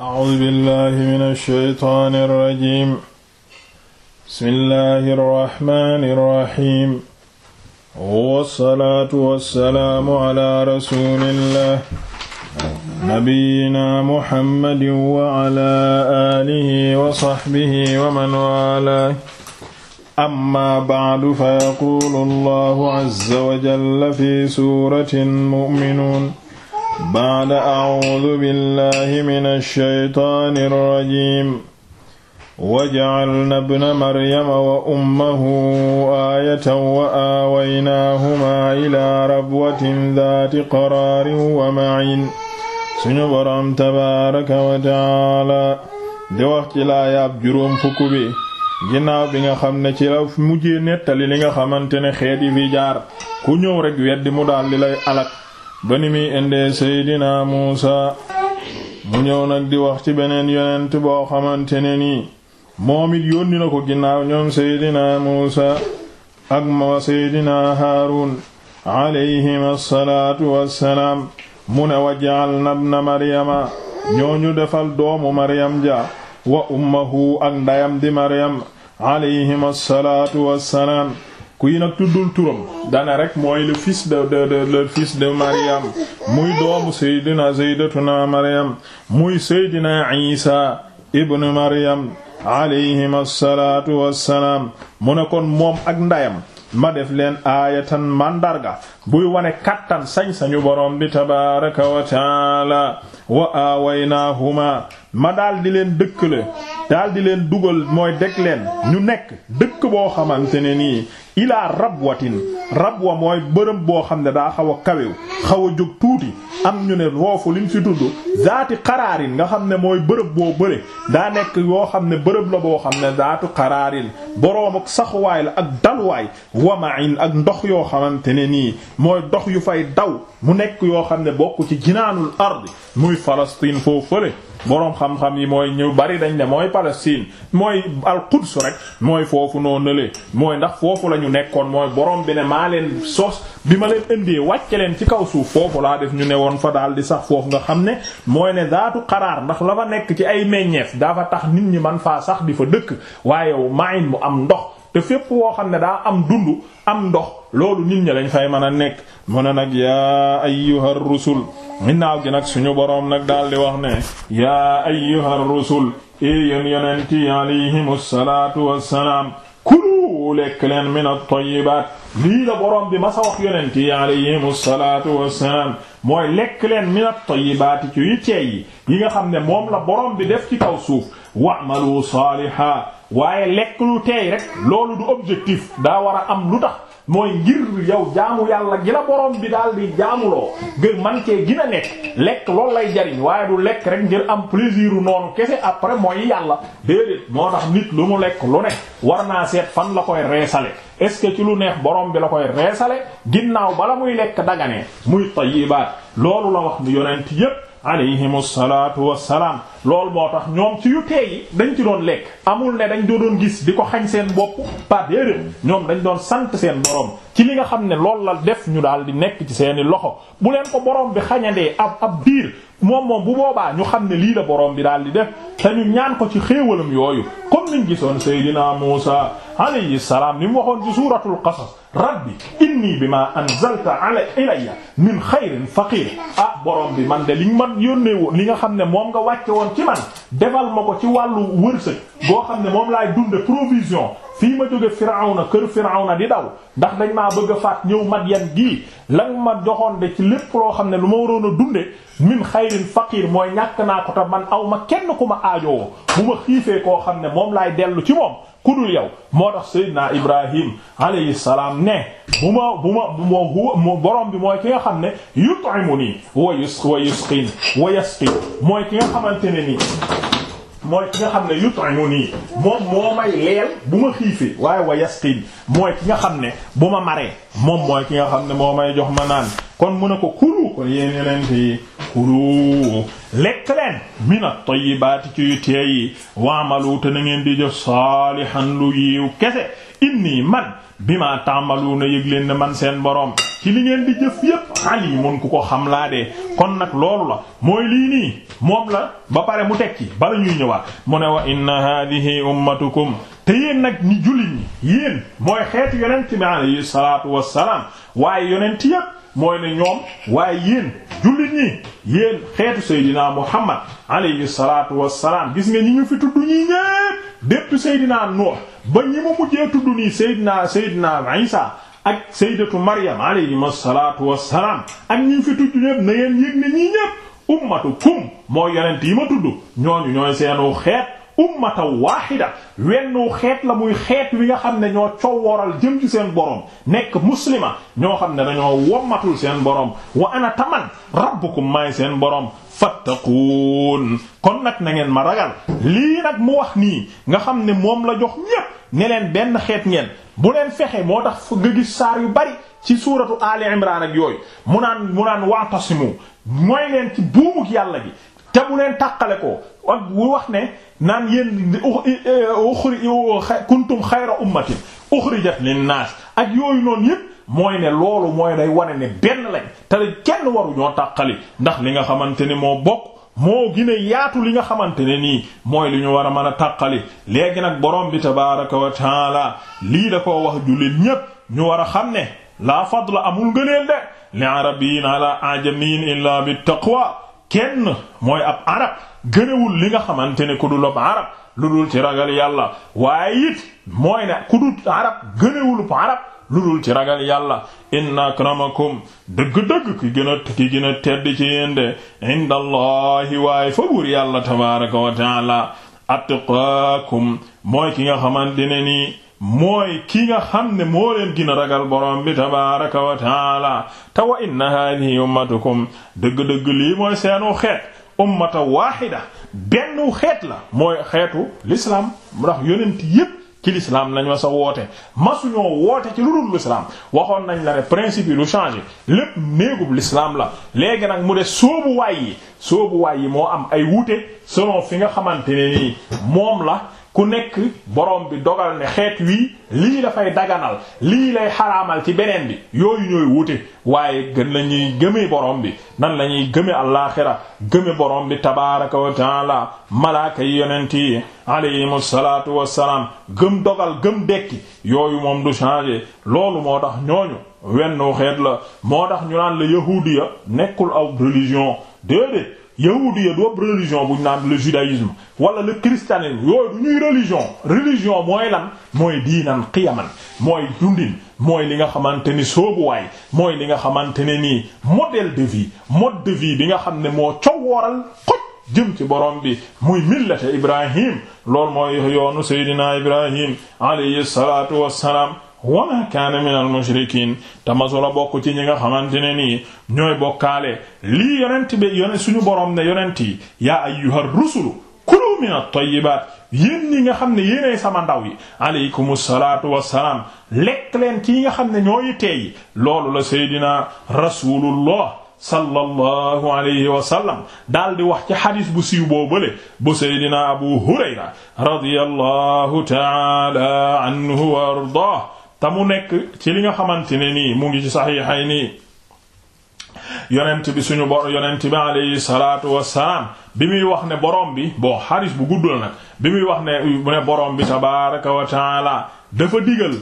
A'uuzu billaahi mina shaytaani rajiim. Bismillaahi rahmaani rahiim. Wa salaatu wa salaamu ala rasuulillaah. Nabiyyinaa Muhammadin wa ala aalihi wa sahbihi wa man waalaah. Amma ba'du fa yaquulu Allaahu azza wa jalla fi suuratin mu'minuun. baada acuudu billahi min alshaytaani alrajim wajacalna bna maryama wa ummahu aayatan wa aawaynaahumaa ilaa rabwatin daati qaraarin wa macin suñu boroom tabaaraka wa tacaala di wax ci laayaab juróom fukk bi ginnaaw bi nga xam ne ci la mujjee nettali li nga xamante ne xeet yi fi jaar ku ñëw rekk weddi mu daldi lay alak ba ni muy seydina muusa mu ñëw nag di wax ci beneen yonent boo xamante ne nii moom it yónni na ko ginnaaw ñoom seydina muusa ak ma seydina haarun alayhim assalaatu wassalaam mu ne wa ja'alna ibna maryama ñooñu defal doomu maryam ja wa ummahu ak ndayam di maryam alayhim assalaatu wassalaam kuy nag tuddul turam dana rek mooy le fils de de de le fils de muy doomu Seydina Seydatuna Mariam muy Seydina Isa ibn Mariam alayhim assalaatu mu ne kon moom ak ndayam ma def leen aayatan mandarga buy wane kattan sañ-sañu borom bi tabaaraka wa taala wa aawaynaahumaa ma daal di leen dëkkale daal di leen dugal mooy deg leen ñu nekk dëkk boo xamante ne nii ilaa rab wa mooy bërëm boo xam ne daa xaw a kawew xaw a jóg tuuti am ñu ne woofu liñ fi tudd zaati qaraarin nga xam ne mooy bërëb boo bëre daa nekk yoo xam ne bërëb la boo xam ne zaatu qaraarin boroom ak saxuwaay la ak dalwaay wama'in ak ndox yoo xamante ne nii mooy ndox yu fay daw mu nekk yoo xam ne bokk ci jinaanul ardi muy Palestine foofu fële boroom xam yi mooy ñu bari dañ ne mooy Palestine mooy al-Quds rek mooy foofu noo mooy ndax foofu la ñu nekkoon mooy boroom bi ne maa leen sos bi ma leen indee wàcce leen ci kaw suuf foofu laa def ñu ne newoon lam fa daal di sax foofu nga xam ne mooy ne zaatu xaraar ndax la fa nekk ci ay meññeef dafa tax nit ñi man fa sax di fa dëkk waaye maayin mu am ndox te fépp woo xam ne daa am dund am ndox loolu nit ñi lañ fay mën a nekk mu ne nag yaa ayyuhar rusul ginnaaw gi nag suñu boroom nag daal di wax ne yaa ayyuhar rusul e yéen yonent yi alayhimu salaatu wassalaam kulu lekk leen min at lii la boroom bi masa wax yonent yi alayhimu salaatu wassalaam mooy lekk leen minat tayyibaati ci yu teey yi yi nga xam ne moom la borom bi def ci kaw suuf wa'malu saaliha waaye lekk lu teey rek loolu du objectif daa war a am lu tax mooy ngir yow jaamu yàlla gi la borom bi daal di jaamuloo ngir man cee gën a nekk lekk loolu lay jariñ waaye du lekk rek ngir am plaisir noonu kese après mooy yàlla déedéet moo tax nit lu mu lekk lu ne war naa seet fan la koy reesale est-ce que ci lu neex borom bi la koy reesale ginnaaw bala muy lekk daganee muy tayyibaat loolu la wax ni yonent yépp alayhimu salaatu salaam loolu moo tax ñoom ci yu tee dañ ci doon lekk amul ne dañ doo doon gis di ko xañ seen bopp pas ñoom dañ doon sant seen borom ci li nga xam ne loolu la def ñu daal di nekk ci seeni loxo bu leen ko borom bi xañandee ab ab biir moom moom bu boobaa ñu xam ne lii la borom bi daal di def te ñu ñaan ko ci xéewalam yooyu comme niñ gisoon Seydina Muusa alayhi salaam ni mu waxoon ci suuratul qasas rabbi bi ma anzalta ala ilayya min xayrin faqiir ah borom bi man de liñ ma yónnee woon li nga xam ne moom nga wàcce woon ci man defal ma ko ci wàllu wërsëg boo xam ne moom laay dunde provision fii ma jóge Firawna kër Firawna di daw ndax dañ maa bëgg a faat ñëw Madyan gii lan ma joxoon de ci lépp roo xam ne lu ma waroon a dunde min xayrin faqiir mooy ñàkk naa ko te man aw ma kenn ku ma aajowoo bu ma xiifee koo xam ne moom laay dellu ci moom ku dul yow moo tax Seydina Ibrahim alayhi salaam ne bu ma bu ma borom bi mooy ki nga xam ne yut'imu nii wa yusqin wa yasqin mooy ki nga xamante nii mooy ki nga xam ne yut'imuni moom moo may leel bu ma xiifee waaye wa yasqin mooy ki nga xam ne bu ma maree moom mooy ki nga xam ne moo may jox ma naan kon mun ne ko kulu kon yéen yeneen fii kulu lekk leen mina tayyibaati ci tee yi waamalu te na ngeen di jëf saalihan lu yiw kese inni man bima ta'maluna yëg leen ne man seen borom ci li ngeen di jëf yépp alimun ku ko xam laa de kon nag loolu la mooy lii nii moom la ba pare mu tekki bala ñuy ñëwaat mu ne wa inna hadihi ummatukum te yéen nag ñi jullit ñi yéen mooy xeetu yonent bi alayhi salaatu wassalaam waaye yonent yépp mooy ne ñoom waaye yéen jullit ñi yéen xeetu Seydina Muhammad alayhi salaatu wassalaam gis nga ñi ñu fi tudd ñi ñépp dépp Seydina Nuux ba ñi mu mujjee tudd nii Seydina Seydina Isa ak Sayyidatu Maryam alayhi salaatu wassalaam ak ñu fi tudd ñépp na ngeen yëg ne ñii ñépp ummatu kum mooy yonent yi ma tudd ñooñu ñooy seenu xeet ummata wahida wennu xeet la muy xeet wi nga xam ne ñoo cowooral jëm ci seen borom nekk muslima ñoo xam ne dañoo wommatul seen borom wa ana taman rabbukum maay seen boroom fattaquun kon nag na ngeen ma ragal lii nag mu wax nii nga xam ne moom la jox ñépp ne leen benn xeet ngeen bu leen fexe moo tax nga gis saar yu bari ci suuratu Ali Imran yooyu mu naan mu naan wa'tasimu ci buumuk yàlla gi te bu leen tàqale ko ak bu wax ne naan yéen uxri kuntum xayra ummatin uxrijat linnaas ak yooyu noonu yépp mooy ne loolu mooy day wane ne benn lañ te kenn waru ñoo tàqali ndax li nga xamante ne moo bokk moo gine yaatu li nga xamante ne nii mooy li ñu war a mën a tàqali léegi nag borom bi tabaraka wa taala lii da koo wax jullit ñépp ñu war a xam ne laa fadla amul ngëneel de li arabiyin ala ajamiin illa bi taqwa kenn mooy ab arab gënewul li nga xamante ne ku dul ab arab lu dul ci ragal yàlla waaye it mooy ne ku dul arab gënewul bu arab lu dul ci ragal yàlla inna akramakum dëgg-dëgg ki gën gën a tedd ci yéen de inda waaye fa buur tabaraka wa taala atqaakum mooy ki nga xamante ne mooy ki nga xam ne moo leen gën a ragal borom bi tabaaraka wa taala te wa inna haadihi ummatukum dëgg-dëgg lii mooy seenu xeet ummata waahida bennu xeet la mooy xeetu l'islam ndax yonent yépp ci l'islam lañ ma sa woote masuñoo woote ci lu dul l'islam waxoon nañ la ne principe yi du changé lépp néegub l'islam la léegi nag mu de soobu waay yi soobu waay yi moo am ay wuute selon fi nga xamante ne nii moom la ku nekk borom bi dogal ne xeet wii lii dafay daganal lii lay xaraamal ci beneen bi yooyu ñooy wute waaye gën lañuy ñuy borom bi nan la ñuy gëmee allaaxira gëme borom bi tabaaraka wa taala malaaka yi yonent yi alayhimu salaatu wassalaam gëm dogal gëm dekki yooyu moom du changer loolu moo tax ñooñu wennu xeet la moo tax ñu naan la yahuudiya nekkul aw religion déedéet yahudi ya du ab religion bu ñu naan le judaïsme wala le christianisme yooyu du ñuy religion religion mooy lan mooy diinan qiyaman mooy dundin mooy li nga xamante ni soobuwaay mooy li nga xamante ne nii modèle de vie mode vie bi nga xam ne moo cowooral xoj jëm ci borom bi muy millate ibrahim loolu mooy yoonu seydina ibrahim alayhi salatu wassalam wa ma kaana minal mushrikiin tamasula bokk ci ñi nga xamante ne nii ñooy bokkaale lii yonent bi suñu borom ne yonent yi yaa ayyuhar rusulu kulu minat tayyibaat yéen ñi nga xam ne yéenay sama ndaw yi aleykum salaatu wassalaam lekk leen ci yi nga xam ne ñooy teey loolu la seydina rasuulullah sallallahu alayhi wa sallam daal di wax ci xadis bu siiw boobale bu seydina abu hurayra radiyallahu ta'ala anhu wa ardaah te mu nekk ci li nga xamante ne nii mu ngi ci saxiixay nii yonent bi suñu bor yonent bi alayhi salaatu wassalaam bi muy wax ne borom bi bon xaris bu guddul nag bi muy wax ne mu borom bi tabaaraka wa taala dafa digal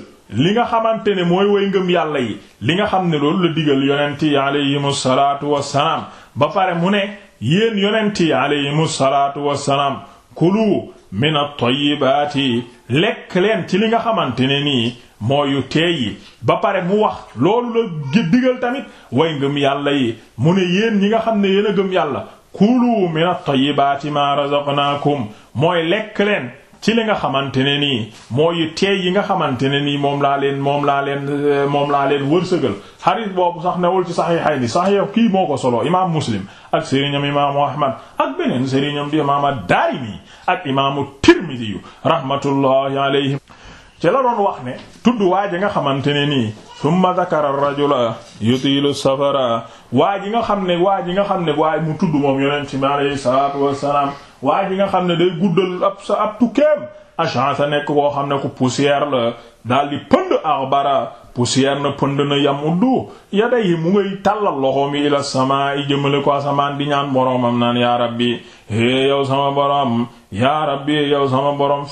li nga xamante ne mooy way ngëm yàlla yi li nga xam ne loolu la digal yonent yi alayhimu salaatu wassalaam ba pare mu ne yéen yonent yi alayhimu salaatu wassalaam kulu min at-tayyibaati lekk leen ci li nga xamante nii mooy yu teey yi ba pare mu wax loolu la digal tamit way ngëm yàlla yi mu ne yéen yi nga xam ne yéen a gëm yàlla kulu min at-tayyibati ma razaqnakum mooy lekk leen ci li nga xamante ne nii mooy teey yi nga xamante ne nii moom laa leen moom laa leen euh, moom laa leen wërsëgal xarit boobu sax newul ci saxiixayni saxiix kii moo ko solo imaam muslim ak sëriñam imaamu ahmad ak beneen sëriñam di imaam ad-daarimi ak imaamu tirmidi rahmatullahi alayhim ci la doon wax ne tudd waa ji nga xamante ne nii summa zakara rajula yutilu safara waa ji nga xam ne waa ji nga xam ne waaye mu tudd moom yonent bi alayhi salaatu wassalaam waa ji nga xam ne day guddal ab sa ab tukkeem a nekk koo xam ne ku poussière la daal di pënd axbara poussière na pënd na yamuddu yadayhi mu ngay tàllal loxoom yi ila sama ko asamaan di ñaan boroomam naan yaa rabbi hee yow sama boroom yaa rabbi yow sama boroom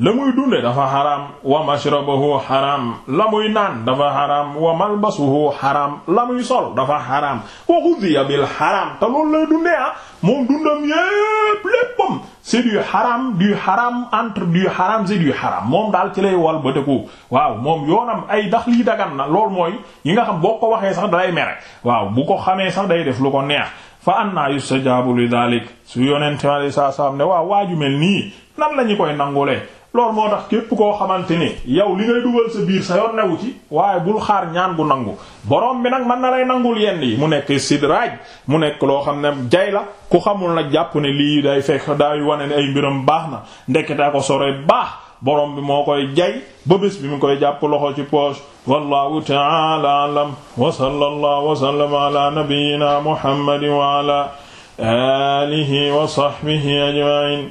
la muy dunde dafa haram wa mashrabuhu haram la muy naan dafa haram wa malbasuhu haram la muy sol dafa haram wa ghudhiya bil haram te loolu lay dunde ah moom dundam yépp léppam c'est du haram du haram entre du haram c'est du haram moom daal ci lay wal ba tëkku waaw moom yoonam ay ndax lii dagan na loolu mooy yi nga xam boo ko waxee sax dalay mere waaw bu ko xamee sax day def lu ko neex fa anna yustajabu li dalik su yonente ma sa saa ne waaw waaju mel nii nan la ñu koy nangulee loolu moo tax képp koo xamante ni yow li ngay dugal sa biir sa yoon newu ci waaye bul xaar ñaan gu nangu borom bi nag mën na lay nangul yenn yi mu nekk sidraaj mu nekk loo xam ne jay la ku xamul nag jàpp ne lii day fekk day wane ne ay mbiram baax na ndekete ko sore baax borom bi moo koy jay ba bés bi mu koy jàpp loxo ci poche ta'ala alam wa sallallahu wa sallama ala nabiyyina muhammadin wa ala alihi wa sahbihi ajma'in